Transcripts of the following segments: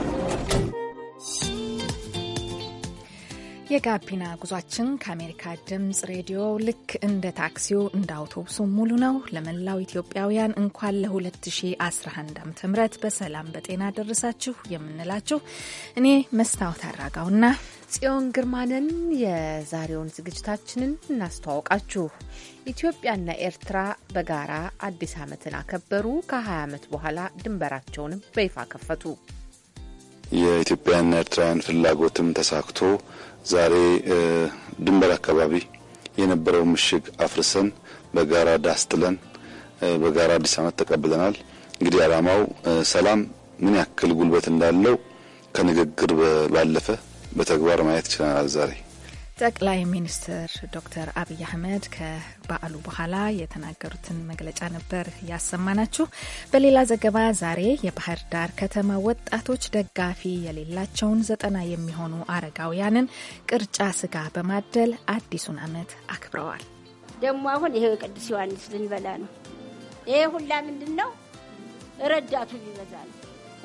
አስገባችሁ የጋቢና ጉዟችን ከአሜሪካ ድምፅ ሬዲዮ ልክ እንደ ታክሲው እንደ አውቶቡሱ ሙሉ ነው። ለመላው ኢትዮጵያውያን እንኳን ለ2011 ዓ ም በሰላም በጤና ደረሳችሁ የምንላችሁ እኔ መስታወት አራጋውና ጽዮን ግርማንን። የዛሬውን ዝግጅታችንን እናስተዋውቃችሁ። ኢትዮጵያና ኤርትራ በጋራ አዲስ ዓመትን አከበሩ። ከ20 ዓመት በኋላ ድንበራቸውንም በይፋ ከፈቱ። የኢትዮጵያና ኤርትራውያን ፍላጎትም ተሳክቶ ዛሬ ድንበር አካባቢ የነበረው ምሽግ አፍርሰን በጋራ ዳስ ጥለን በጋራ አዲስ ዓመት ተቀብለናል። እንግዲህ ዓላማው ሰላም ምን ያክል ጉልበት እንዳለው ከንግግር ባለፈ በተግባር ማየት ችለናል ዛሬ ጠቅላይ ሚኒስትር ዶክተር አብይ አህመድ ከበዓሉ በኋላ የተናገሩትን መግለጫ ነበር ያሰማናችሁ። በሌላ ዘገባ ዛሬ የባህር ዳር ከተማ ወጣቶች ደጋፊ የሌላቸውን ዘጠና የሚሆኑ አረጋውያንን ቅርጫ ስጋ በማደል አዲሱን ዓመት አክብረዋል። ደግሞ አሁን ይሄ ቅዱስ ዮሐንስ ልንበላ ነው። ይሄ ሁላ ምንድን ነው? ረዳቱ ይበዛል።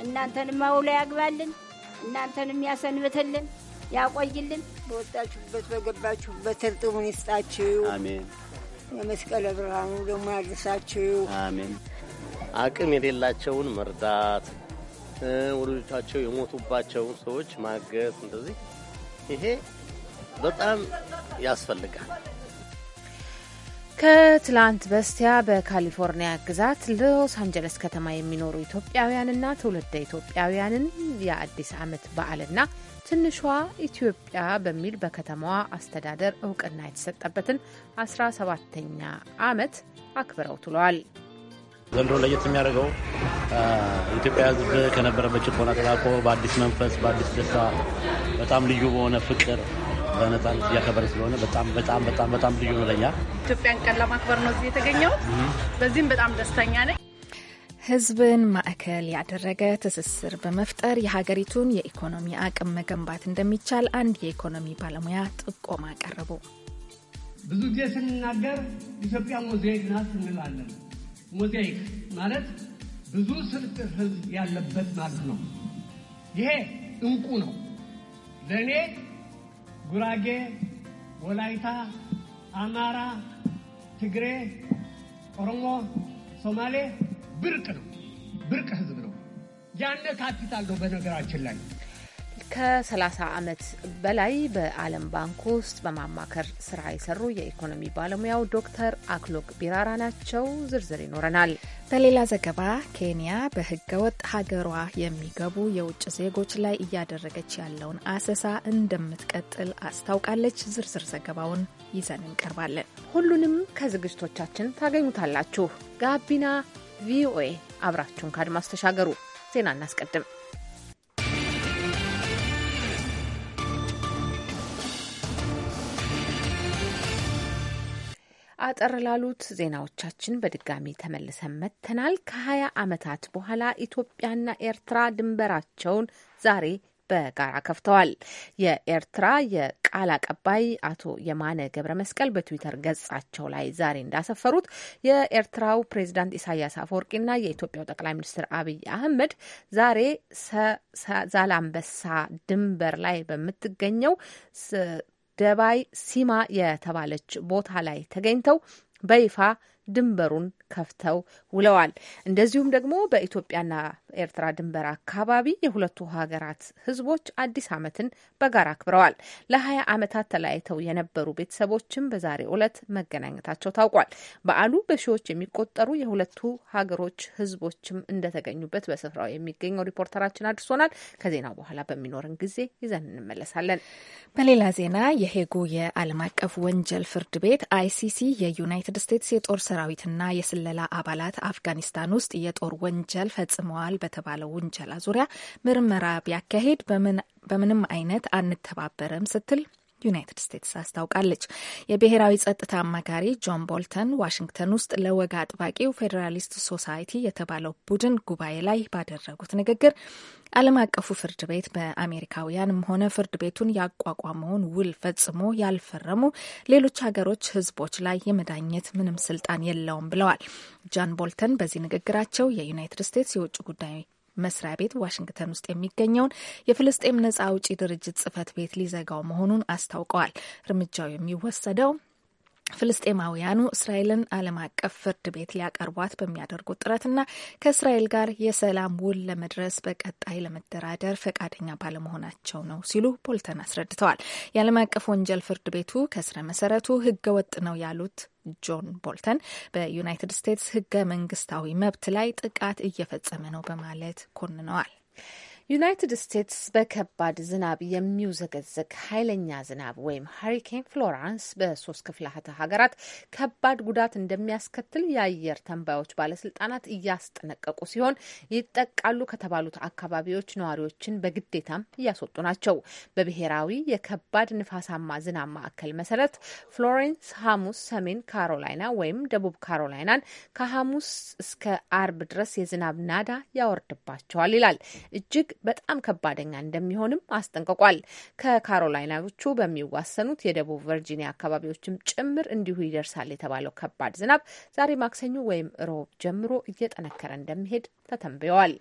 እናንተንም አውሎ ያግባልን፣ እናንተንም ያሰንብትልን ያቆይልን። በወጣችሁበት በገባችሁበት እርጥቡን ይስጣችሁ። አሜን። የመስቀለ ብርሃኑ ደግሞ ያድርሳችሁ። አሜን። አቅም የሌላቸውን መርዳት፣ ወላጆቻቸው የሞቱባቸውን ሰዎች ማገዝ፣ እንደዚህ ይሄ በጣም ያስፈልጋል። ከትላንት በስቲያ በካሊፎርኒያ ግዛት ሎስ አንጀለስ ከተማ የሚኖሩ ኢትዮጵያውያንና ትውልደ ኢትዮጵያውያንን የአዲስ ዓመት በዓልና ትንሿ ኢትዮጵያ በሚል በከተማዋ አስተዳደር እውቅና የተሰጠበትን 17ተኛ ዓመት አክብረው ትለዋል። ዘንድሮ ለየት የሚያደርገው ኢትዮጵያ ሕዝብ ከነበረበት ጭቆና ተላቆ በአዲስ መንፈስ፣ በአዲስ ደስታ፣ በጣም ልዩ በሆነ ፍቅር በነፃነት እያከበረ ስለሆነ በጣም በጣም በጣም በጣም ልዩ ነው ለኛ። ኢትዮጵያን ቀን ለማክበር ነው እዚህ የተገኘው። በዚህም በጣም ደስተኛ ነኝ። ህዝብን ማዕከል ያደረገ ትስስር በመፍጠር የሀገሪቱን የኢኮኖሚ አቅም መገንባት እንደሚቻል አንድ የኢኮኖሚ ባለሙያ ጥቆማ ቀረቡ። ብዙ ጊዜ ስንናገር ኢትዮጵያ ሞዛይክ ናት እንላለን። ሞዛይክ ማለት ብዙ ስልት ህዝብ ያለበት ማለት ነው። ይሄ እንቁ ነው ለእኔ ጉራጌ፣ ወላይታ፣ አማራ፣ ትግሬ፣ ኦሮሞ፣ ሶማሌ ብርቅ ነው። ብርቅ ህዝብ ነው። ያነካትታል ነው በነገራችን ላይ ከ30 ዓመት በላይ በዓለም ባንክ ውስጥ በማማከር ስራ የሰሩ የኢኮኖሚ ባለሙያው ዶክተር አክሎግ ቢራራ ናቸው። ዝርዝር ይኖረናል። በሌላ ዘገባ ኬንያ በህገወጥ ሀገሯ የሚገቡ የውጭ ዜጎች ላይ እያደረገች ያለውን አሰሳ እንደምትቀጥል አስታውቃለች። ዝርዝር ዘገባውን ይዘን እንቀርባለን። ሁሉንም ከዝግጅቶቻችን ታገኙታላችሁ። ጋቢና ቪኦኤ፣ አብራችሁን ከአድማስ ተሻገሩ። ዜና እናስቀድም። አጠር ላሉት ዜናዎቻችን በድጋሚ ተመልሰን መጥተናል። ከ20 ዓመታት በኋላ ኢትዮጵያና ኤርትራ ድንበራቸውን ዛሬ በጋራ ከፍተዋል። የኤርትራ የቃል አቀባይ አቶ የማነ ገብረ መስቀል በትዊተር ገጻቸው ላይ ዛሬ እንዳሰፈሩት የኤርትራው ፕሬዚዳንት ኢሳያስ አፈወርቂና የኢትዮጵያው ጠቅላይ ሚኒስትር አብይ አህመድ ዛሬ ዛላምበሳ ድንበር ላይ በምትገኘው ደባይ ሲማ የተባለች ቦታ ላይ ተገኝተው በይፋ ድንበሩን ከፍተው ውለዋል። እንደዚሁም ደግሞ በኢትዮጵያና ኤርትራ ድንበር አካባቢ የሁለቱ ሀገራት ህዝቦች አዲስ ዓመትን በጋራ አክብረዋል። ለሀያ ዓመታት ተለያይተው የነበሩ ቤተሰቦችም በዛሬ ዕለት መገናኘታቸው ታውቋል። በዓሉ በሺዎች የሚቆጠሩ የሁለቱ ሀገሮች ህዝቦችም እንደተገኙበት በስፍራው የሚገኘው ሪፖርተራችን አድርሶናል። ከዜናው በኋላ በሚኖረን ጊዜ ይዘን እንመለሳለን። በሌላ ዜና የሄጉ የዓለም አቀፍ ወንጀል ፍርድ ቤት አይሲሲ የዩናይትድ ስቴትስ የጦር ሰራዊትና የስለላ አባላት አፍጋኒስታን ውስጥ የጦር ወንጀል ፈጽመዋል በተባለው ውንጀላ ዙሪያ ምርመራ ቢያካሄድ በምንም አይነት አንተባበረም ስትል ዩናይትድ ስቴትስ አስታውቃለች። የብሔራዊ ጸጥታ አማካሪ ጆን ቦልተን ዋሽንግተን ውስጥ ለወግ አጥባቂው ፌዴራሊስት ሶሳይቲ የተባለው ቡድን ጉባኤ ላይ ባደረጉት ንግግር ዓለም አቀፉ ፍርድ ቤት በአሜሪካውያንም ሆነ ፍርድ ቤቱን ያቋቋመውን ውል ፈጽሞ ያልፈረሙ ሌሎች ሀገሮች ህዝቦች ላይ የመዳኘት ምንም ስልጣን የለውም ብለዋል። ጃን ቦልተን በዚህ ንግግራቸው የዩናይትድ ስቴትስ የውጭ ጉዳይ መስሪያ ቤት ዋሽንግተን ውስጥ የሚገኘውን የፍልስጤም ነጻ አውጪ ድርጅት ጽህፈት ቤት ሊዘጋው መሆኑን አስታውቀዋል። እርምጃው የሚወሰደው ፍልስጤማውያኑ እስራኤልን ዓለም አቀፍ ፍርድ ቤት ሊያቀርቧት በሚያደርጉት ጥረትና ከእስራኤል ጋር የሰላም ውል ለመድረስ በቀጣይ ለመደራደር ፈቃደኛ ባለመሆናቸው ነው ሲሉ ቦልተን አስረድተዋል። የዓለም አቀፍ ወንጀል ፍርድ ቤቱ ከስረ መሰረቱ ህገ ወጥ ነው ያሉት ጆን ቦልተን በዩናይትድ ስቴትስ ህገ መንግስታዊ መብት ላይ ጥቃት እየፈጸመ ነው በማለት ኮንነዋል። ዩናይትድ ስቴትስ በከባድ ዝናብ የሚውዘገዘግ ኃይለኛ ዝናብ ወይም ሀሪኬን ፍሎራንስ በሶስት ክፍለ ሀገራት ከባድ ጉዳት እንደሚያስከትል የአየር ተንባዮች ባለስልጣናት እያስጠነቀቁ ሲሆን ይጠቃሉ ከተባሉት አካባቢዎች ነዋሪዎችን በግዴታም እያስወጡ ናቸው። በብሔራዊ የከባድ ንፋሳማ ዝናብ ማዕከል መሰረት ፍሎሬንስ ሐሙስ ሰሜን ካሮላይና ወይም ደቡብ ካሮላይናን ከሐሙስ እስከ አርብ ድረስ የዝናብ ናዳ ያወርድባቸዋል ይላል እጅግ በጣም ከባደኛ እንደሚሆንም አስጠንቅቋል። ከካሮላይናዎቹ በሚዋሰኑት የደቡብ ቨርጂኒያ አካባቢዎችም ጭምር እንዲሁ ይደርሳል የተባለው ከባድ ዝናብ ዛሬ ማክሰኞ ወይም ሮብ ጀምሮ እየጠነከረ እንደሚሄድ ተተንብየዋል።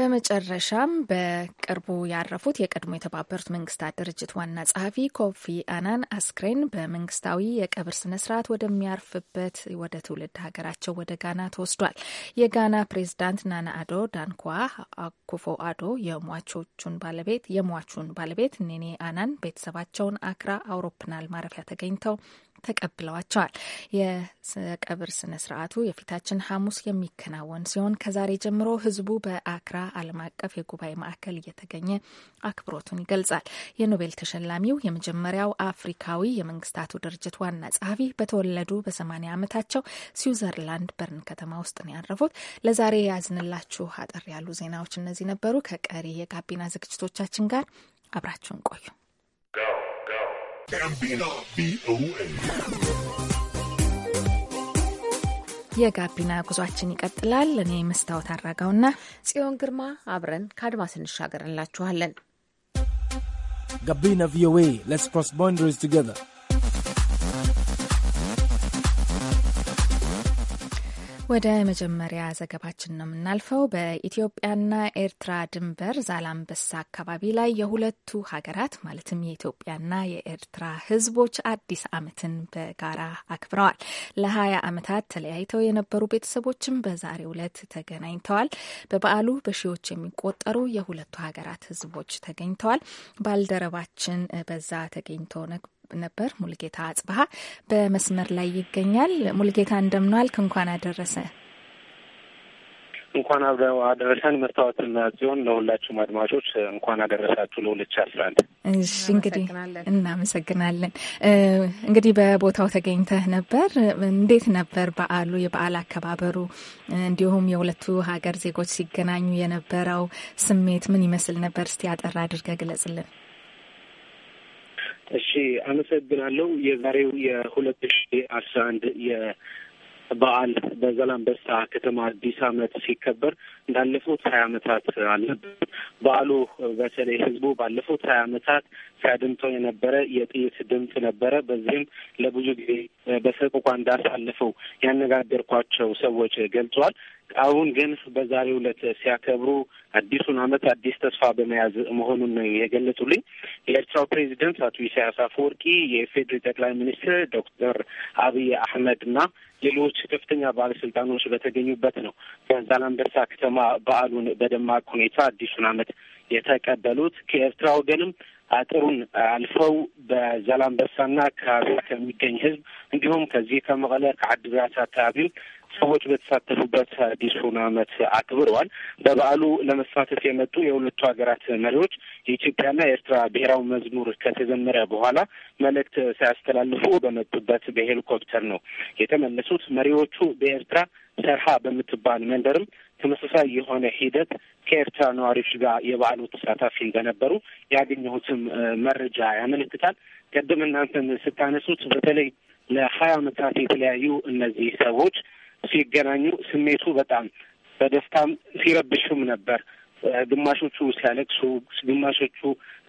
በመጨረሻም በቅርቡ ያረፉት የቀድሞ የተባበሩት መንግስታት ድርጅት ዋና ጸሐፊ ኮፊ አናን አስክሬን በመንግስታዊ የቀብር ስነ ስርዓት ወደሚያርፍበት ወደ ትውልድ ሀገራቸው ወደ ጋና ተወስዷል። የጋና ፕሬዚዳንት ናና አዶ ዳንኳ አኩፎ አዶ የሟቾቹን ባለቤት የሟቹን ባለቤት ኔኔ አናን ቤተሰባቸውን አክራ አውሮፕላን ማረፊያ ተገኝተው ተቀብለዋቸዋል። የቀብር ስነ ስርዓቱ የፊታችን ሐሙስ የሚከናወን ሲሆን ከዛሬ ጀምሮ ህዝቡ በአክራ ዓለም አቀፍ የጉባኤ ማዕከል እየተገኘ አክብሮቱን ይገልጻል። የኖቤል ተሸላሚው የመጀመሪያው አፍሪካዊ የመንግስታቱ ድርጅት ዋና ጸሐፊ በተወለዱ በሰማኒያ ዓመታቸው ስዊዘርላንድ በርን ከተማ ውስጥ ነው ያረፉት። ለዛሬ ያዝንላችሁ አጠር ያሉ ዜናዎች እነዚህ ነበሩ። ከቀሪ የጋቢና ዝግጅቶቻችን ጋር አብራችሁን ቆዩ። ጋቢና ቪኦኤ የጋቢና ጉዟችን ይቀጥላል። እኔ መስታወት አራጋውና ጽዮን ግርማ አብረን ከአድማስ እንሻገር እንላችኋለን። ጋቢና ቪኦኤ ሌትስ ክሮስ ባውንደሪስ ቱጌዘር ወደ መጀመሪያ ዘገባችን ነው የምናልፈው። በኢትዮጵያና ኤርትራ ድንበር ዛላምበሳ አካባቢ ላይ የሁለቱ ሀገራት ማለትም የኢትዮጵያና የኤርትራ ሕዝቦች አዲስ ዓመትን በጋራ አክብረዋል። ለሀያ ዓመታት ተለያይተው የነበሩ ቤተሰቦችም በዛሬው ዕለት ተገናኝተዋል። በበዓሉ በሺዎች የሚቆጠሩ የሁለቱ ሀገራት ሕዝቦች ተገኝተዋል። ባልደረባችን በዛ ተገኝቶ ነበር ሙልጌታ አጽብሀ በመስመር ላይ ይገኛል። ሙልጌታ እንደምኗል እንኳን አደረሰ። እንኳን አብረው አደረሰን። መስታወትና ጽዮን ለሁላችሁም አድማጮች እንኳን አደረሳችሁ ለሁለት ሺ አስራ አንድ እሺ እንግዲህ እናመሰግናለን። እንግዲህ በቦታው ተገኝተህ ነበር። እንዴት ነበር በዓሉ የበዓል አከባበሩ፣ እንዲሁም የሁለቱ ሀገር ዜጎች ሲገናኙ የነበረው ስሜት ምን ይመስል ነበር? እስቲ አጠር አድርገህ ግለጽልን። እሺ አመሰግናለሁ። የዛሬው የሁለት ሺ አስራ አንድ በዓል በዛላምበሳ ከተማ አዲስ አመት ሲከበር እንዳለፉት ሀያ ዓመታት አልነበረም። በዓሉ በተለይ ህዝቡ ባለፉት ሀያ ዓመታት ሲያድምተው የነበረ የጥይት ድምፅ ነበረ። በዚህም ለብዙ ጊዜ በሰቆቋ እንዳሳለፈው ያነጋገርኳቸው ሰዎች ገልጸዋል። አሁን ግን በዛሬ ዕለት ሲያከብሩ አዲሱን አመት አዲስ ተስፋ በመያዝ መሆኑን ነው የገለጹልኝ። የኤርትራው ፕሬዚደንት አቶ ኢሳያስ አፈወርቂ፣ የኢፌዴሪ ጠቅላይ ሚኒስትር ዶክተር አብይ አህመድ እና ሌሎች ከፍተኛ ባለስልጣኖች በተገኙበት ነው በዛላምበሳ ከተማ በዓሉን በደማቅ ሁኔታ አዲሱን አመት የተቀበሉት። ከኤርትራ ወገንም አጥሩን አልፈው በዛላምበሳና አካባቢዋ ከሚገኝ ህዝብ እንዲሁም ከዚህ ከመቀለ ከዓዲግራት አካባቢም ሰዎች በተሳተፉበት አዲሱን ዓመት አክብረዋል። በበዓሉ ለመሳተፍ የመጡ የሁለቱ ሀገራት መሪዎች የኢትዮጵያና የኤርትራ ብሔራዊ መዝሙር ከተዘመረ በኋላ መልእክት ሳያስተላልፉ በመጡበት በሄሊኮፕተር ነው የተመለሱት። መሪዎቹ በኤርትራ ሰርሃ በምትባል መንደርም ተመሳሳይ የሆነ ሂደት ከኤርትራ ነዋሪዎች ጋር የበዓሉ ተሳታፊ እንደነበሩ ያገኘሁትም መረጃ ያመለክታል። ቅድም እናንተን ስታነሱት በተለይ ለሀያ ዓመታት የተለያዩ እነዚህ ሰዎች ሲገናኙ ስሜቱ በጣም በደስታም ሲረብሽም ነበር። ግማሾቹ ሲያለቅሱ፣ ግማሾቹ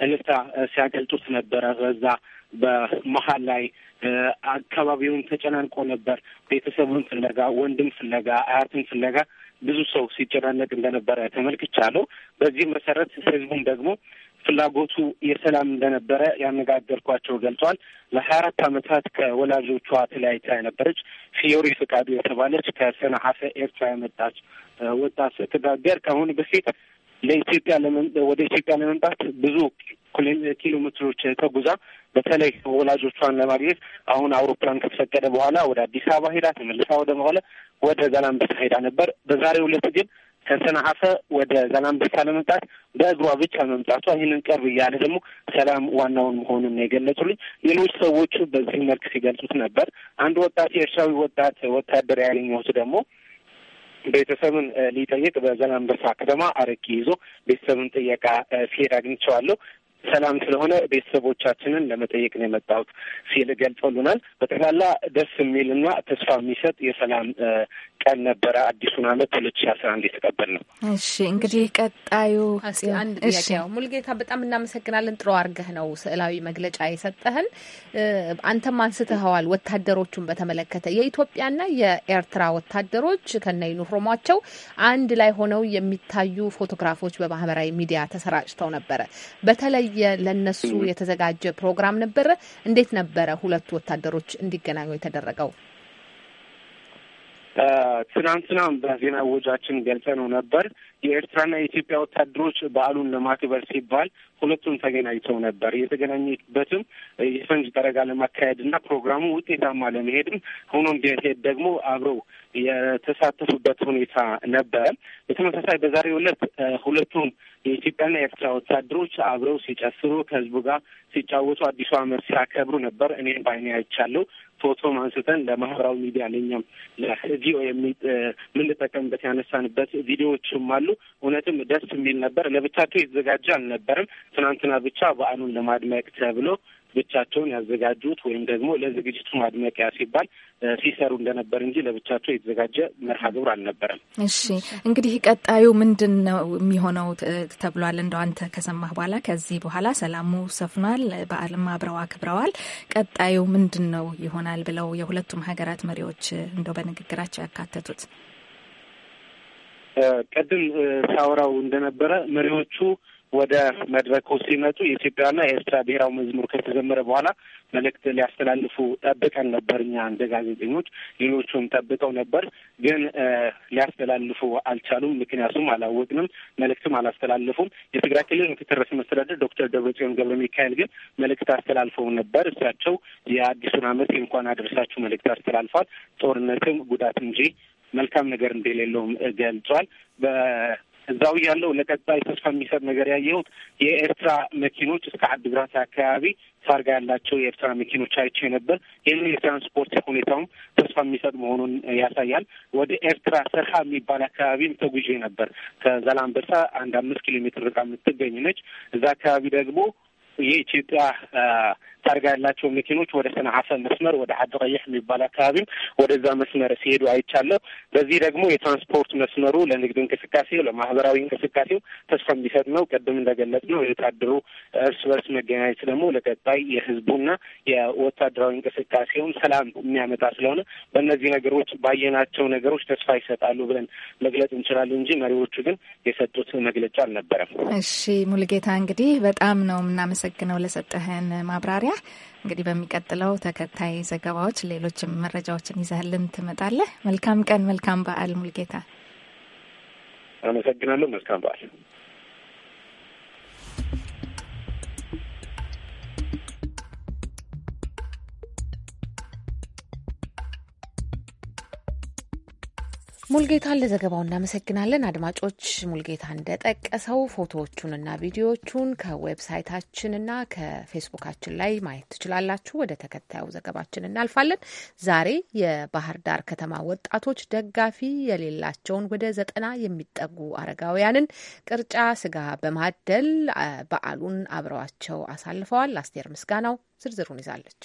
እልታ ሲያገልጡት ነበረ። በዛ በመሀል ላይ አካባቢውን ተጨናንቆ ነበር። ቤተሰቡን ፍለጋ፣ ወንድም ፍለጋ፣ አያትን ፍለጋ ብዙ ሰው ሲጨናነቅ እንደነበረ ተመልክቻለሁ። በዚህ መሰረት ህዝቡም ደግሞ ፍላጎቱ የሰላም እንደነበረ ያነጋገርኳቸው ገልጿል። ለሀያ አራት አመታት ከወላጆቿ ተለያይታ የነበረች ፊዮሪ ፍቃዱ የተባለች ከሰንዓፈ ኤርትራ የመጣች ወጣት ስትጋገር ከአሁን በፊት ለኢትዮጵያ ወደ ኢትዮጵያ ለመምጣት ብዙ ኪሎ ሜትሮች ተጉዛ በተለይ ወላጆቿን ለማግኘት አሁን አውሮፕላን ከተፈቀደ በኋላ ወደ አዲስ አበባ ሄዳ ተመልሳ ወደ መቀለ ወደ ጋላምበሳ ሄዳ ነበር። በዛሬው ዕለት ግን ከሰንዓፈ ወደ ዛላምበሳ ለመምጣት በእግሯ ብቻ መምጣቷ ይህንን ቅርብ እያለ ደግሞ ሰላም ዋናውን መሆኑን ነው የገለጹልኝ። ሌሎች ሰዎቹ በዚህ መልክ ሲገልጹት ነበር። አንድ ወጣት የኤርትራዊ ወጣት ወታደር ያገኘሁት ደግሞ ቤተሰብን ሊጠይቅ በዛላምበሳ ከተማ አረቂ ይዞ ቤተሰብን ጥየቃ ሲሄድ አግኝቸዋለሁ ሰላም ስለሆነ ቤተሰቦቻችንን ለመጠየቅ ነው የመጣሁት ሲል ገልጸውልናል። በጠቅላላ ደስ የሚልና ተስፋ የሚሰጥ የሰላም ቀን ነበረ አዲሱን አመት ሁለት ሺ አስራ አንድ የተቀበል ነው። እሺ እንግዲህ ቀጣዩ አንድ ጥያቄ ነው። ሙልጌታ በጣም እናመሰግናለን። ጥሩ አድርገህ ነው ስዕላዊ መግለጫ የሰጠህን። አንተም አንስተኸዋል ወታደሮቹን በተመለከተ የኢትዮጵያና የኤርትራ ወታደሮች ከነ ዩኒፎርማቸው አንድ ላይ ሆነው የሚታዩ ፎቶግራፎች በማህበራዊ ሚዲያ ተሰራጭተው ነበረ። በተለየ ለነሱ የተዘጋጀ ፕሮግራም ነበረ። እንዴት ነበረ ሁለቱ ወታደሮች እንዲገናኙ የተደረገው? ትናንትናም በዜና ወጃችን ገልጸነው ነበር። የኤርትራና የኢትዮጵያ ወታደሮች በዓሉን ለማክበር ሲባል ሁለቱም ተገናኝተው ነበር። የተገናኙበትም የፈንጅ ጠረጋ ለማካሄድና ፕሮግራሙ ውጤታማ ለመሄድም ሆኖ ቢሄድ ደግሞ አብረው የተሳተፉበት ሁኔታ ነበረ። በተመሳሳይ በዛሬው ዕለት ሁለቱም የኢትዮጵያና የኤርትራ ወታደሮች አብረው ሲጨፍሩ ከህዝቡ ጋር ሲጫወቱ አዲሱ ዓመት ሲያከብሩ ነበር። እኔም ባይኔ አይቻለሁ። ፎቶም አንስተን ለማህበራዊ ሚዲያ ለኛም ለቪዲዮ የምንጠቀምበት ያነሳንበት ቪዲዮዎችም አሉ። እውነትም ደስ የሚል ነበር። ለብቻቸው የተዘጋጀ አልነበረም። ትናንትና ብቻ በዓሉን ለማድመቅ ተብሎ ብቻቸውን ያዘጋጁት ወይም ደግሞ ለዝግጅቱ ማድመቂያ ሲባል ሲሰሩ እንደነበር እንጂ ለብቻቸው የተዘጋጀ መርሃ ግብር አልነበረም። እሺ እንግዲህ ቀጣዩ ምንድን ነው የሚሆነው ተብሏል። እንደው አንተ ከሰማህ በኋላ ከዚህ በኋላ ሰላሙ ሰፍኗል፣ በዓልም አብረው አክብረዋል። ቀጣዩ ምንድን ነው ይሆናል ብለው የሁለቱም ሀገራት መሪዎች እንደው በንግግራቸው ያካተቱት ቅድም ሳውራው እንደነበረ መሪዎቹ ወደ መድረኩ ሲመጡ የኢትዮጵያና የኤርትራ ብሔራዊ መዝሙር ከተዘመረ በኋላ መልእክት ሊያስተላልፉ ጠብቀን ነበር። እኛ እንደ ጋዜጠኞች ሌሎቹም ጠብቀው ነበር፣ ግን ሊያስተላልፉ አልቻሉም። ምክንያቱም አላወቅንም፣ መልእክትም አላስተላልፉም። የትግራይ ክልል ምክትል ርዕሰ መስተዳደር ዶክተር ደብረጽዮን ገብረ ሚካኤል ግን መልእክት አስተላልፈው ነበር። እሳቸው የአዲሱን ዓመት እንኳን አደረሳችሁ መልእክት አስተላልፏል። ጦርነትም ጉዳት እንጂ መልካም ነገር እንደሌለውም ገልጿል። እዛው ያለው ለቀጣይ ተስፋ የሚሰጥ ነገር ያየሁት የኤርትራ መኪኖች እስከ አድግራት አካባቢ ታርጋ ያላቸው የኤርትራ መኪኖች አይቼ ነበር። ይህን የትራንስፖርት ሁኔታውም ተስፋ የሚሰጥ መሆኑን ያሳያል። ወደ ኤርትራ ሰርሃ የሚባል አካባቢም ተጉዤ ነበር። ከዛላምበሳ አንድ አምስት ኪሎ ሜትር ርቃ የምትገኝ ነች። እዛ አካባቢ ደግሞ የኢትዮጵያ ታርጋ ያላቸው መኪኖች ወደ ሰንዓፈ መስመር ወደ አዲ ቀይሕ የሚባል አካባቢም ወደዛ መስመር ሲሄዱ አይቻለሁ። በዚህ ደግሞ የትራንስፖርት መስመሩ ለንግድ እንቅስቃሴው፣ ለማህበራዊ እንቅስቃሴው ተስፋ የሚሰጥ ነው። ቅድም እንደገለጽ ነው የወታደሩ እርስ በርስ መገናኘት ደግሞ ለቀጣይ የህዝቡና የወታደራዊ እንቅስቃሴውን ሰላም የሚያመጣ ስለሆነ በእነዚህ ነገሮች ባየናቸው ነገሮች ተስፋ ይሰጣሉ ብለን መግለጽ እንችላለን እንጂ መሪዎቹ ግን የሰጡት መግለጫ አልነበረም። እሺ ሙልጌታ፣ እንግዲህ በጣም ነው የምናመሰግነው ለሰጠህን ማብራሪያ። መጀመሪያ እንግዲህ በሚቀጥለው ተከታይ ዘገባዎች ሌሎችም መረጃዎችን ይዘህልን ትመጣለህ። መልካም ቀን፣ መልካም በዓል ሙልጌታ። አመሰግናለሁ። መልካም በዓል ሙልጌታን ለዘገባው እናመሰግናለን። አድማጮች፣ ሙልጌታ እንደጠቀሰው ፎቶዎቹንና ቪዲዮዎቹን ከዌብሳይታችንና ከፌስቡካችን ላይ ማየት ትችላላችሁ። ወደ ተከታዩ ዘገባችን እናልፋለን። ዛሬ የባህር ዳር ከተማ ወጣቶች ደጋፊ የሌላቸውን ወደ ዘጠና የሚጠጉ አረጋውያንን ቅርጫ ስጋ በማደል በዓሉን አብረዋቸው አሳልፈዋል። አስቴር ምስጋናው ዝርዝሩን ይዛለች።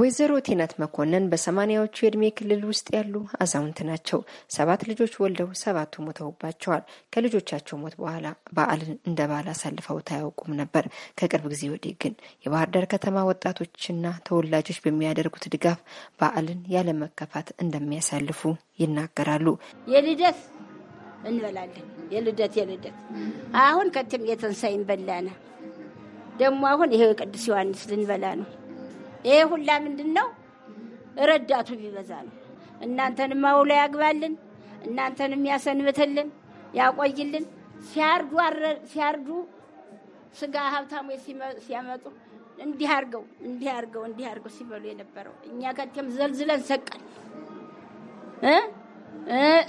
ወይዘሮ ቴናት መኮንን በሰማኒያዎቹ የእድሜ ክልል ውስጥ ያሉ አዛውንት ናቸው። ሰባት ልጆች ወልደው ሰባቱ ሞተውባቸዋል። ከልጆቻቸው ሞት በኋላ በዓልን እንደ በዓል አሳልፈው ታያውቁም ነበር። ከቅርብ ጊዜ ወዲህ ግን የባህር ዳር ከተማ ወጣቶችና ተወላጆች በሚያደርጉት ድጋፍ በዓልን ያለመከፋት እንደሚያሳልፉ ይናገራሉ። የልደት እንበላለን። የልደት የልደት አሁን ከትም እንበላ በላነ ደግሞ አሁን ይሄው የቅዱስ ዮሐንስ ልንበላ ነው ይሄ ሁላ ምንድን ነው? ረዳቱ ቢበዛ ነው። እናንተንም አውሎ ያግባልን፣ እናንተንም ያሰንብትልን፣ ያቆይልን። ሲያርዱ ስጋ ሀብታሙ ሲያመጡ እንዲህ አርገው እንዲህ አርገው እንዲህ አርገው ሲበሉ የነበረው እኛ ከቴም ዘልዝለን ሰቀል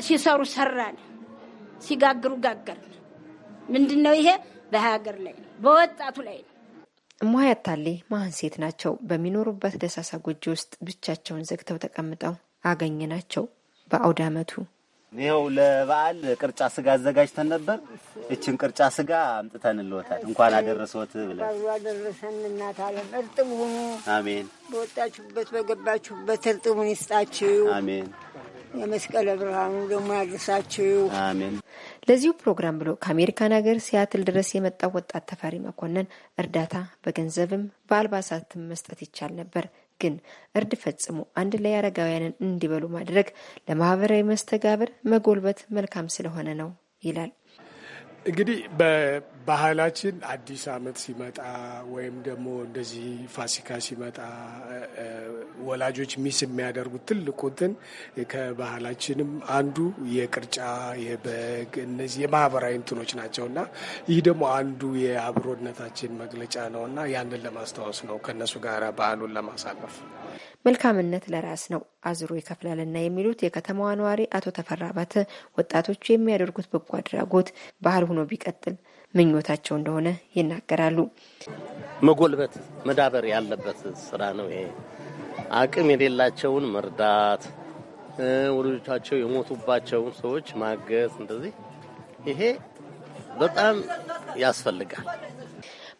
ሲሰሩ ሰራን፣ ሲጋግሩ ጋገርን። ምንድን ነው ይሄ? በሀገር ላይ ነው፣ በወጣቱ ላይ ነው። እማያታሌ መሀን ሴት ናቸው። በሚኖሩበት ደሳሳ ጎጆ ውስጥ ብቻቸውን ዘግተው ተቀምጠው አገኘ ናቸው። በአውድ አመቱ ይኸው ለበዓል ቅርጫ ስጋ አዘጋጅተን ነበር። እችን ቅርጫ ስጋ አምጥተን ልወታል። እንኳን አደረሰዎት ብለን አደረሰን። እናት እርጥብ ሁኑ። አሜን። በወጣችሁበት በገባችሁበት እርጥቡን ይስጣችሁ። አሜን። የመስቀለ ብርሃኑ ደግሞ ያድርሳችሁ። አሜን። ለዚሁ ፕሮግራም ብሎ ከአሜሪካን ሀገር ሲያትል ድረስ የመጣው ወጣት ተፈሪ መኮንን እርዳታ በገንዘብም በአልባሳትም መስጠት ይቻል ነበር፣ ግን እርድ ፈጽሞ አንድ ላይ አረጋውያንን እንዲበሉ ማድረግ ለማህበራዊ መስተጋብር መጎልበት መልካም ስለሆነ ነው ይላል። እንግዲህ በባህላችን አዲስ አመት ሲመጣ ወይም ደግሞ እንደዚህ ፋሲካ ሲመጣ ወላጆች ሚስ የሚያደርጉት ትልቁትን ከባህላችንም አንዱ የቅርጫ የበግ እነዚህ የማህበራዊ እንትኖች ናቸው እና ይህ ደግሞ አንዱ የአብሮነታችን መግለጫ ነው እና ያንን ለማስታወስ ነው ከእነሱ ጋር ባህሉን ለማሳለፍ መልካምነት ለራስ ነው አዝሮ ይከፍላልና የሚሉት የከተማዋ ነዋሪ አቶ ተፈራ አባተ ወጣቶቹ የሚያደርጉት በጎ አድራጎት ባህል ሆኖ ቢቀጥል ምኞታቸው እንደሆነ ይናገራሉ። መጎልበት መዳበር ያለበት ስራ ነው ይሄ። አቅም የሌላቸውን መርዳት፣ ወላጆቻቸው የሞቱባቸውን ሰዎች ማገዝ፣ እንደዚህ ይሄ በጣም ያስፈልጋል።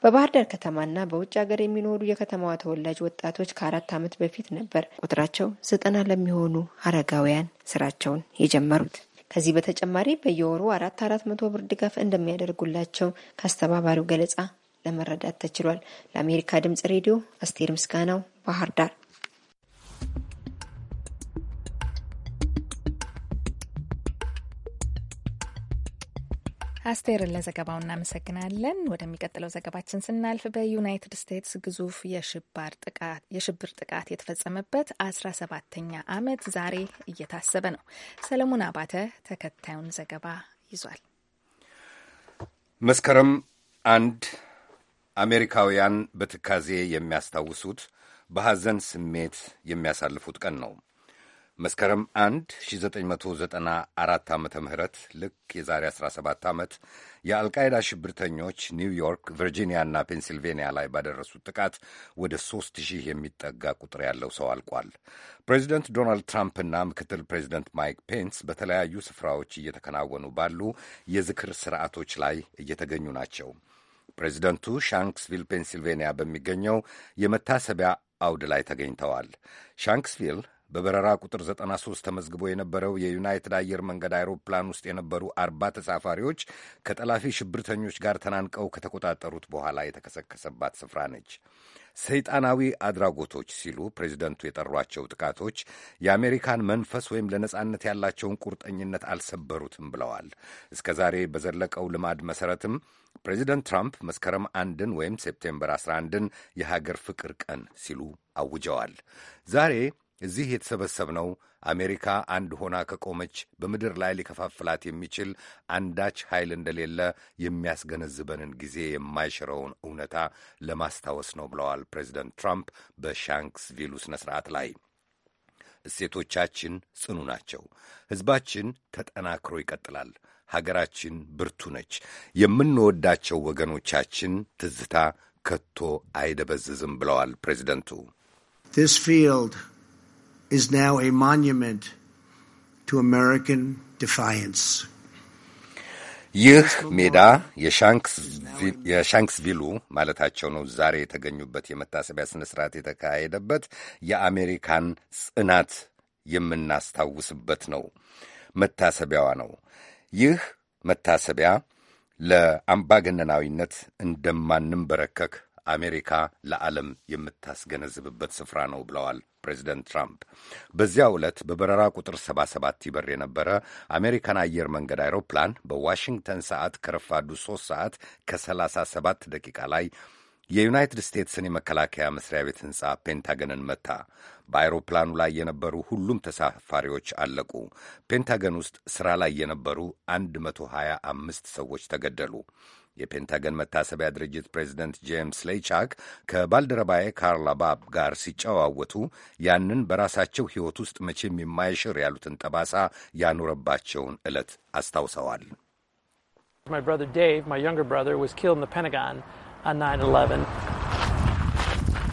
በባህር ዳር ከተማና በውጭ ሀገር የሚኖሩ የከተማዋ ተወላጅ ወጣቶች ከአራት ዓመት በፊት ነበር ቁጥራቸው ዘጠና ለሚሆኑ አረጋውያን ስራቸውን የጀመሩት። ከዚህ በተጨማሪ በየወሩ አራት አራት መቶ ብር ድጋፍ እንደሚያደርጉላቸው ከአስተባባሪው ገለጻ ለመረዳት ተችሏል። ለአሜሪካ ድምጽ ሬዲዮ አስቴር ምስጋናው ባህር ዳር አስቴርን ለዘገባው እናመሰግናለን። ወደሚቀጥለው ዘገባችን ስናልፍ በዩናይትድ ስቴትስ ግዙፍ የሽብር ጥቃት የተፈጸመበት አስራ ሰባተኛ ዓመት ዛሬ እየታሰበ ነው። ሰለሞን አባተ ተከታዩን ዘገባ ይዟል። መስከረም አንድ አሜሪካውያን በትካዜ የሚያስታውሱት በሐዘን ስሜት የሚያሳልፉት ቀን ነው። መስከረም 1 1994 ዓ ም ልክ የዛሬ 17 ዓመት የአልቃይዳ ሽብርተኞች ኒውዮርክ፣ ቨርጂኒያና ፔንሲልቬንያ ላይ ባደረሱት ጥቃት ወደ 3000 የሚጠጋ ቁጥር ያለው ሰው አልቋል። ፕሬዚደንት ዶናልድ ትራምፕና ምክትል ፕሬዚደንት ማይክ ፔንስ በተለያዩ ስፍራዎች እየተከናወኑ ባሉ የዝክር ስርዓቶች ላይ እየተገኙ ናቸው። ፕሬዚደንቱ ሻንክስቪል ፔንሲልቬንያ በሚገኘው የመታሰቢያ አውድ ላይ ተገኝተዋል። ሻንክስቪል በበረራ ቁጥር 93 ተመዝግቦ የነበረው የዩናይትድ አየር መንገድ አይሮፕላን ውስጥ የነበሩ አርባ ተሳፋሪዎች ከጠላፊ ሽብርተኞች ጋር ተናንቀው ከተቆጣጠሩት በኋላ የተከሰከሰባት ስፍራ ነች። ሰይጣናዊ አድራጎቶች ሲሉ ፕሬዚደንቱ የጠሯቸው ጥቃቶች የአሜሪካን መንፈስ ወይም ለነጻነት ያላቸውን ቁርጠኝነት አልሰበሩትም ብለዋል። እስከ ዛሬ በዘለቀው ልማድ መሠረትም ፕሬዚደንት ትራምፕ መስከረም አንድን ወይም ሴፕቴምበር 11ን የሀገር ፍቅር ቀን ሲሉ አውጀዋል። ዛሬ እዚህ የተሰበሰብነው አሜሪካ አንድ ሆና ከቆመች በምድር ላይ ሊከፋፍላት የሚችል አንዳች ኃይል እንደሌለ የሚያስገነዝበንን ጊዜ የማይሽረውን እውነታ ለማስታወስ ነው ብለዋል ፕሬዚደንት ትራምፕ በሻንክስቪሉ ስነ ስርዓት ላይ። እሴቶቻችን ጽኑ ናቸው። ሕዝባችን ተጠናክሮ ይቀጥላል። ሀገራችን ብርቱ ነች። የምንወዳቸው ወገኖቻችን ትዝታ ከቶ አይደበዝዝም ብለዋል ፕሬዚደንቱ። is now a monument to American defiance. ይህ ሜዳ የሻንክስቪሉ ማለታቸው ነው። ዛሬ የተገኙበት የመታሰቢያ ስነ ስርዓት የተካሄደበት የአሜሪካን ጽናት የምናስታውስበት ነው። መታሰቢያዋ ነው። ይህ መታሰቢያ ለአምባገነናዊነት እንደማንም በረከክ አሜሪካ ለዓለም የምታስገነዝብበት ስፍራ ነው ብለዋል ፕሬዚደንት ትራምፕ። በዚያው ዕለት በበረራ ቁጥር 77 ይበር የነበረ አሜሪካን አየር መንገድ አይሮፕላን በዋሽንግተን ሰዓት ከረፋዱ 3 ሰዓት ከ37 ደቂቃ ላይ የዩናይትድ ስቴትስን የመከላከያ መስሪያ ቤት ሕንፃ ፔንታገንን መታ። በአይሮፕላኑ ላይ የነበሩ ሁሉም ተሳፋሪዎች አለቁ። ፔንታገን ውስጥ ሥራ ላይ የነበሩ 125 ሰዎች ተገደሉ። የፔንታገን መታሰቢያ ድርጅት ፕሬዚደንት ጄምስ ሌይቻክ ከባልደረባዬ ካርላ ባብ ጋር ሲጨዋወቱ ያንን በራሳቸው ሕይወት ውስጥ መቼም የማይሽር ያሉትን ጠባሳ ያኖረባቸውን ዕለት አስታውሰዋል።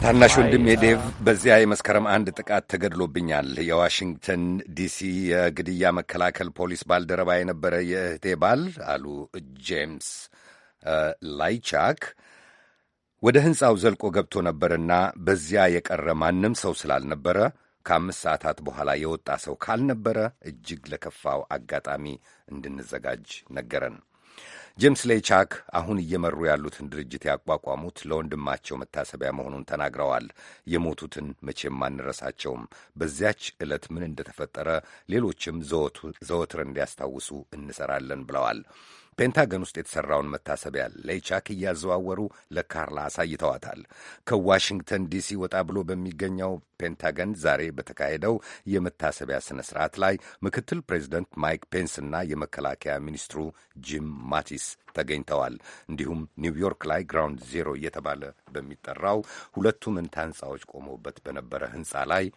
ታናሽ ወንድሜ uh, ዴቭ በዚያ የመስከረም አንድ ጥቃት ተገድሎብኛል። የዋሽንግተን ዲሲ የግድያ መከላከል ፖሊስ ባልደረባ የነበረ የእህቴ ባል አሉ ጄምስ ላይቻክ ወደ ሕንፃው ዘልቆ ገብቶ ነበርና በዚያ የቀረ ማንም ሰው ስላልነበረ ከአምስት ሰዓታት በኋላ የወጣ ሰው ካልነበረ እጅግ ለከፋው አጋጣሚ እንድንዘጋጅ ነገረን። ጄምስ ቻክ አሁን እየመሩ ያሉትን ድርጅት ያቋቋሙት ለወንድማቸው መታሰቢያ መሆኑን ተናግረዋል። የሞቱትን መቼም አንረሳቸውም። በዚያች ዕለት ምን እንደተፈጠረ ሌሎችም ዘወትር እንዲያስታውሱ እንሰራለን ብለዋል። ፔንታገን ውስጥ የተሠራውን መታሰቢያ ሌይቻክ እያዘዋወሩ ለካርላ አሳይተዋታል። ከዋሽንግተን ዲሲ ወጣ ብሎ በሚገኘው ፔንታገን ዛሬ በተካሄደው የመታሰቢያ ሥነ ሥርዓት ላይ ምክትል ፕሬዚደንት ማይክ ፔንስ እና የመከላከያ ሚኒስትሩ ጂም ማቲስ ተገኝተዋል። እንዲሁም ኒውዮርክ ላይ ግራውንድ ዜሮ እየተባለ በሚጠራው ሁለቱ መንታ ሕንፃዎች ቆመውበት በነበረ ሕንፃ ላይ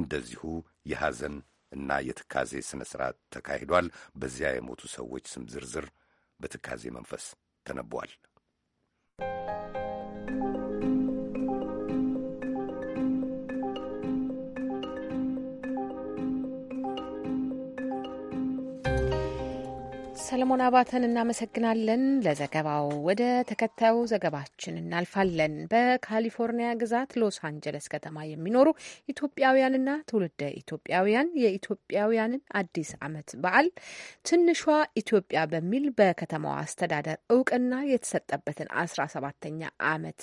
እንደዚሁ የሐዘን እና የትካዜ ስነ ስርዓት ተካሂዷል። በዚያ የሞቱ ሰዎች ስም ዝርዝር በትካዜ መንፈስ ተነቧል። ሰለሞን አባተን እናመሰግናለን ለዘገባው። ወደ ተከታዩ ዘገባችን እናልፋለን። በካሊፎርኒያ ግዛት ሎስ አንጀለስ ከተማ የሚኖሩ ኢትዮጵያውያንና ትውልደ ኢትዮጵያውያን የኢትዮጵያውያንን አዲስ ዓመት በዓል ትንሿ ኢትዮጵያ በሚል በከተማዋ አስተዳደር እውቅና የተሰጠበትን አስራ ሰባተኛ ዓመት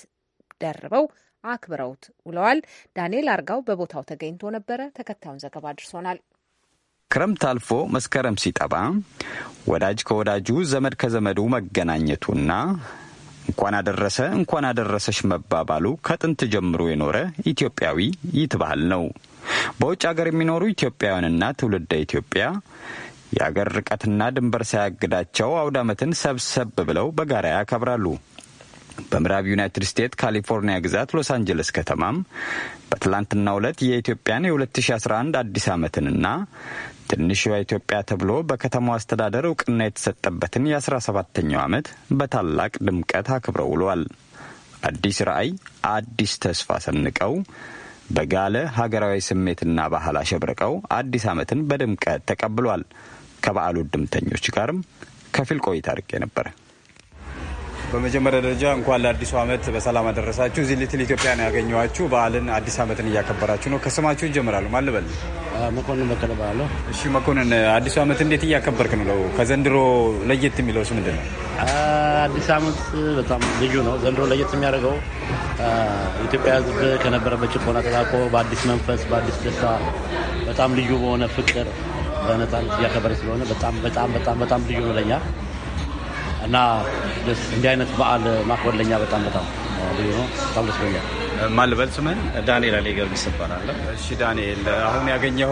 ደርበው አክብረውት ውለዋል። ዳንኤል አርጋው በቦታው ተገኝቶ ነበረ። ተከታዩን ዘገባ አድርሶናል። ክረምት አልፎ መስከረም ሲጠባ ወዳጅ ከወዳጁ ዘመድ ከዘመዱ መገናኘቱና እንኳን አደረሰ እንኳን አደረሰሽ መባባሉ ከጥንት ጀምሮ የኖረ ኢትዮጵያዊ ይት ባህል ነው። በውጭ አገር የሚኖሩ ኢትዮጵያውያንና ትውልደ ኢትዮጵያ የአገር ርቀትና ድንበር ሳያግዳቸው አውድ ዓመትን ሰብሰብ ብለው በጋራ ያከብራሉ። በምዕራብ ዩናይትድ ስቴትስ ካሊፎርኒያ ግዛት ሎስ አንጀለስ ከተማም በትላንትናው ዕለት የኢትዮጵያን የ2011 አዲስ ዓመትንና ትንሿ ኢትዮጵያ ተብሎ በከተማው አስተዳደር እውቅና የተሰጠበትን የአስራ ሰባተኛው ዓመት በታላቅ ድምቀት አክብረው ውሏል። አዲስ ራዕይ፣ አዲስ ተስፋ ሰንቀው በጋለ ሀገራዊ ስሜትና ባህል አሸብርቀው አዲስ ዓመትን በድምቀት ተቀብሏል። ከበዓሉ ድምተኞች ጋርም ከፊል ቆይታ አድርጌ የነበረ። በመጀመሪያ ደረጃ እንኳን ለአዲሱ ዓመት በሰላም አደረሳችሁ። እዚህ ሊትል ኢትዮጵያ ነው ያገኘኋችሁ። በዓልን አዲስ ዓመትን እያከበራችሁ ነው። ከስማችሁ ይጀምራሉ። ማን መኮንን በቀለ እሺ መኮንን፣ አዲሱ ዓመት እንዴት እያከበርክ ነው? ከዘንድሮ ለየት የሚለውስ ምንድን ነው? አዲስ ዓመት በጣም ልዩ ነው። ዘንድሮ ለየት የሚያደርገው ኢትዮጵያ ሕዝብ ከነበረበት ጭቆና ተላቆ በአዲስ መንፈስ፣ በአዲስ ደስታ፣ በጣም ልዩ በሆነ ፍቅር በነጻነት እያከበረ ስለሆነ በጣም በጣም በጣም በጣም ልዩ ነው ለኛ እና እንዲህ አይነት በዓል ማክበር ለኛ በጣም በጣም ልዩ ነው። በጣም ደስ ብሎኛል። ማልበል ስምን ዳንኤል አሌ ጊዮርጊስ እባላለሁ። እሺ ዳንኤል፣ አሁን ያገኘው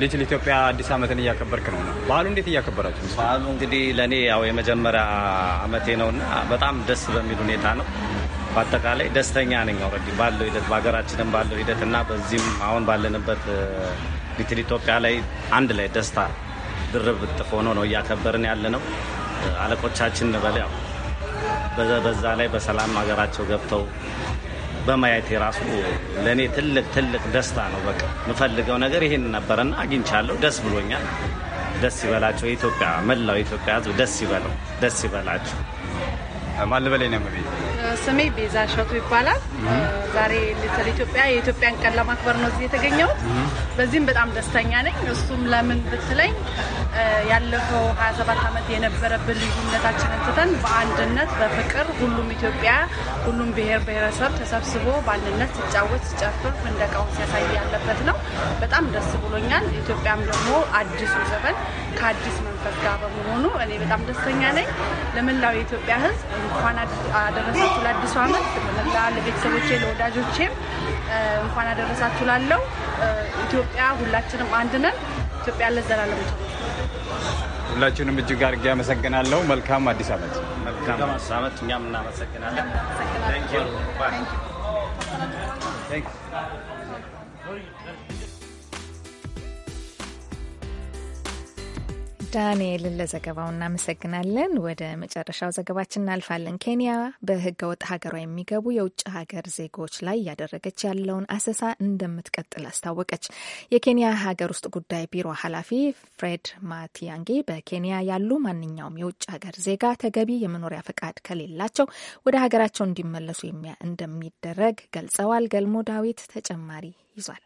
ሊትል ኢትዮጵያ አዲስ ዓመትን እያከበርክ ነው። በዓሉ እንዴት እያከበራችሁ? በዓሉ እንግዲህ ለእኔ ያው የመጀመሪያ ዓመቴ ነው እና በጣም ደስ በሚል ሁኔታ ነው። በአጠቃላይ ደስተኛ ነኝ። ኦልሬዲ ባለው ሂደት በሀገራችንም ባለው ሂደት እና በዚህም አሁን ባለንበት ሊትል ኢትዮጵያ ላይ አንድ ላይ ደስታ ድርብ ጥፎ ሆኖ ነው እያከበርን ያለ ነው። አለቆቻችን እንበል ያው በዛ ላይ በሰላም ሀገራቸው ገብተው በማየት የራሱ ለእኔ ትልቅ ትልቅ ደስታ ነው። በቃ የምፈልገው ነገር ይሄን ነበረና አግኝቻለሁ። ደስ ብሎኛል። ደስ ይበላቸው የኢትዮጵያ መላው ኢትዮጵያ ሕዝብ ደስ ይበለው፣ ደስ ይበላቸው። ማን በላይ ነው? ስሜ ቤዛ ሸቱ ይባላል። ዛሬ ሊትል ኢትዮጵያ የኢትዮጵያን ቀን ለማክበር ነው እዚህ የተገኘሁት። በዚህም በጣም ደስተኛ ነኝ። እሱም ለምን ብትለኝ ያለፈው 27 ዓመት የነበረብን ልዩነታችንን ትተን በአንድነት በፍቅር ሁሉም ኢትዮጵያ ሁሉም ብሔር ብሔረሰብ ተሰብስቦ በአንድነት ሲጫወት ሲጨፍር ፍንደቃውን ሲያሳይ ያለበት ነው። በጣም ደስ ብሎኛል። ኢትዮጵያም ደግሞ አዲሱ ዘመን ከአዲስ መንፈስ ጋር በመሆኑ እኔ በጣም ደስተኛ ነኝ። ለመላው የኢትዮጵያ ሕዝብ እንኳን አደረሳችሁ ለአዲሱ ዓመት። ለመላ ለቤተሰቦቼ ለወዳጆቼም እንኳን አደረሳችሁ ላለው ኢትዮጵያ ሁላችንም አንድ ነን። ኢትዮጵያ ለዘላለም ሁላችሁንም እጅግ አድርጌ አመሰግናለሁ። መልካም አዲስ ዓመት። መልካም አዲስ ዓመት። እኛም እናመሰግናለን። ዳንኤልን ለዘገባው እናመሰግናለን። ወደ መጨረሻው ዘገባችን እናልፋለን። ኬንያ በህገ ወጥ ሀገሯ የሚገቡ የውጭ ሀገር ዜጎች ላይ እያደረገች ያለውን አሰሳ እንደምትቀጥል አስታወቀች። የኬንያ ሀገር ውስጥ ጉዳይ ቢሮ ኃላፊ ፍሬድ ማቲያንጌ በኬንያ ያሉ ማንኛውም የውጭ ሀገር ዜጋ ተገቢ የመኖሪያ ፈቃድ ከሌላቸው ወደ ሀገራቸው እንዲመለሱ እንደሚደረግ ገልጸዋል። ገልሞ ዳዊት ተጨማሪ ይዟል።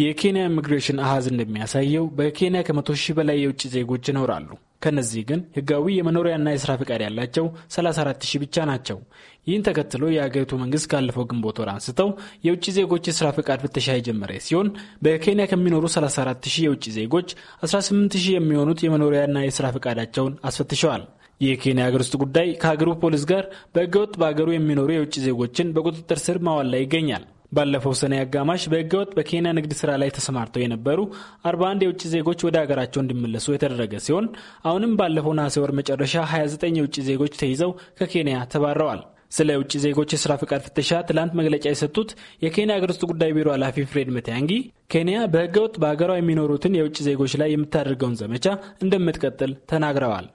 የኬንያ ኢሚግሬሽን አሃዝ እንደሚያሳየው በኬንያ ከመቶ ሺህ በላይ የውጭ ዜጎች ይኖራሉ። ከነዚህ ግን ህጋዊ የመኖሪያና የስራ ፈቃድ ያላቸው 34 ሺህ ብቻ ናቸው። ይህን ተከትሎ የአገሪቱ መንግስት ካለፈው ግንቦት ወር አንስተው የውጭ ዜጎች የስራ ፈቃድ ፍተሻ የጀመረ ሲሆን በኬንያ ከሚኖሩ 34 ሺህ የውጭ ዜጎች 18 ሺህ የሚሆኑት የመኖሪያና የስራ ፈቃዳቸውን አስፈትሸዋል። የኬንያ ሀገር ውስጥ ጉዳይ ከሀገሩ ፖሊስ ጋር በህገወጥ በሀገሩ የሚኖሩ የውጭ ዜጎችን በቁጥጥር ስር ማዋል ላይ ይገኛል። ባለፈው ሰኔ አጋማሽ በህገወጥ በኬንያ ንግድ ስራ ላይ ተሰማርተው የነበሩ 41 የውጭ ዜጎች ወደ ሀገራቸው እንዲመለሱ የተደረገ ሲሆን አሁንም ባለፈው ነሐሴ ወር መጨረሻ 29 የውጭ ዜጎች ተይዘው ከኬንያ ተባረዋል። ስለ ውጭ ዜጎች የስራ ፍቃድ ፍተሻ ትላንት መግለጫ የሰጡት የኬንያ አገር ውስጥ ጉዳይ ቢሮ ኃላፊ ፍሬድ መቲያንጊ ኬንያ በህገወጥ በሀገሯ የሚኖሩትን የውጭ ዜጎች ላይ የምታደርገውን ዘመቻ እንደምትቀጥል ተናግረዋል።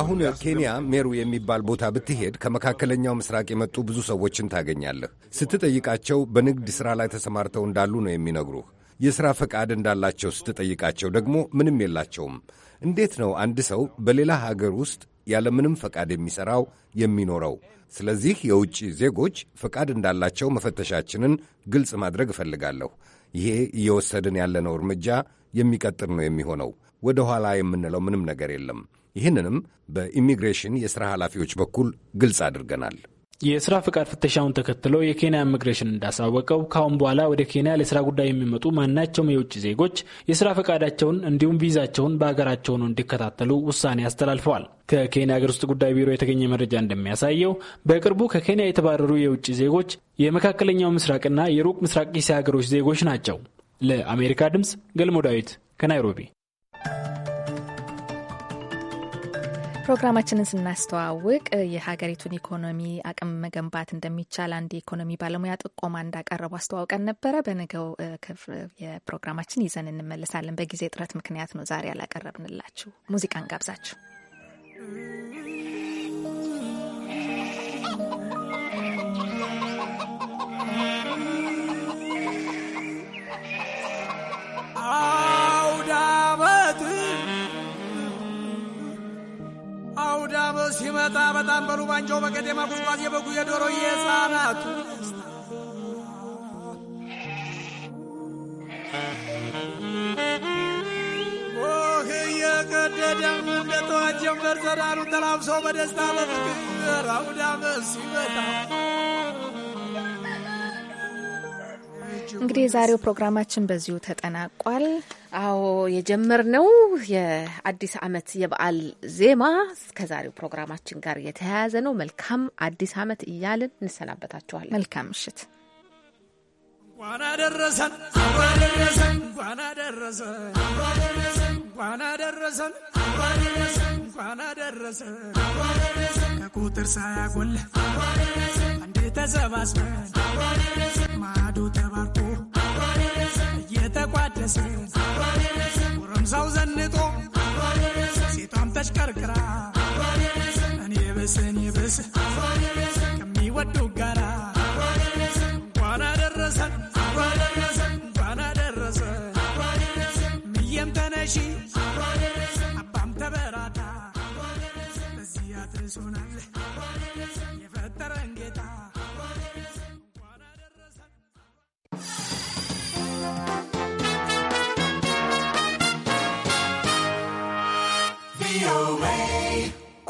አሁን ኬንያ ሜሩ የሚባል ቦታ ብትሄድ ከመካከለኛው ምስራቅ የመጡ ብዙ ሰዎችን ታገኛለህ። ስትጠይቃቸው በንግድ ሥራ ላይ ተሰማርተው እንዳሉ ነው የሚነግሩህ። የሥራ ፈቃድ እንዳላቸው ስትጠይቃቸው ደግሞ ምንም የላቸውም። እንዴት ነው አንድ ሰው በሌላ ሀገር ውስጥ ያለምንም ፈቃድ የሚሠራው የሚኖረው? ስለዚህ የውጭ ዜጎች ፈቃድ እንዳላቸው መፈተሻችንን ግልጽ ማድረግ እፈልጋለሁ። ይሄ እየወሰድን ያለነው እርምጃ የሚቀጥል ነው የሚሆነው። ወደ ኋላ የምንለው ምንም ነገር የለም። ይህንንም በኢሚግሬሽን የሥራ ኃላፊዎች በኩል ግልጽ አድርገናል። የስራ ፍቃድ ፍተሻውን ተከትሎ የኬንያ ኢሚግሬሽን እንዳሳወቀው ከአሁን በኋላ ወደ ኬንያ ለስራ ጉዳይ የሚመጡ ማናቸውም የውጭ ዜጎች የስራ ፈቃዳቸውን እንዲሁም ቪዛቸውን በሀገራቸው ሆነው እንዲከታተሉ ውሳኔ አስተላልፈዋል። ከኬንያ ሀገር ውስጥ ጉዳይ ቢሮ የተገኘ መረጃ እንደሚያሳየው በቅርቡ ከኬንያ የተባረሩ የውጭ ዜጎች የመካከለኛው ምስራቅና የሩቅ ምስራቅ እስያ ሀገሮች ዜጎች ናቸው። ለአሜሪካ ድምፅ ገልሞ ዳዊት ከናይሮቢ። ፕሮግራማችንን ስናስተዋውቅ የሀገሪቱን ኢኮኖሚ አቅም መገንባት እንደሚቻል አንድ የኢኮኖሚ ባለሙያ ጥቆማ እንዳቀረቡ አስተዋውቀን ነበረ። በነገው የፕሮግራማችን ይዘን እንመለሳለን። በጊዜ እጥረት ምክንያት ነው ዛሬ አላቀረብንላችሁ ሙዚቃን ጋብዛችሁ ሲመጣ በጣም በሩባንጆ በቀደማ ጉዝጓዝ የበጉ የዶሮ የህፃናቱ ኦህ የቀደደ እንደተዋጀ ጀንበር ዘራሩ ተላብሶ በደስታ በፍቅር አውዳመ ሲመጣ እንግዲህ የዛሬው ፕሮግራማችን በዚሁ ተጠናቋል። አዎ የጀመርነው የአዲስ አመት የበዓል ዜማ ከዛሬው ፕሮግራማችን ጋር የተያያዘ ነው። መልካም አዲስ አመት እያልን እንሰናበታችኋለን። መልካም ምሽት። ጓና ደረሰን ከቁጥር ተሰባስበን ማዶ ተባር የተቋደሰ ሰው ዘንጦ ሴቷም ተሽቀርቅራ እኔ ብስ እኔ ከሚወዱ ጋራ እንኳን አደረሰን እንኳን አደረሰን ምየም ተነሺ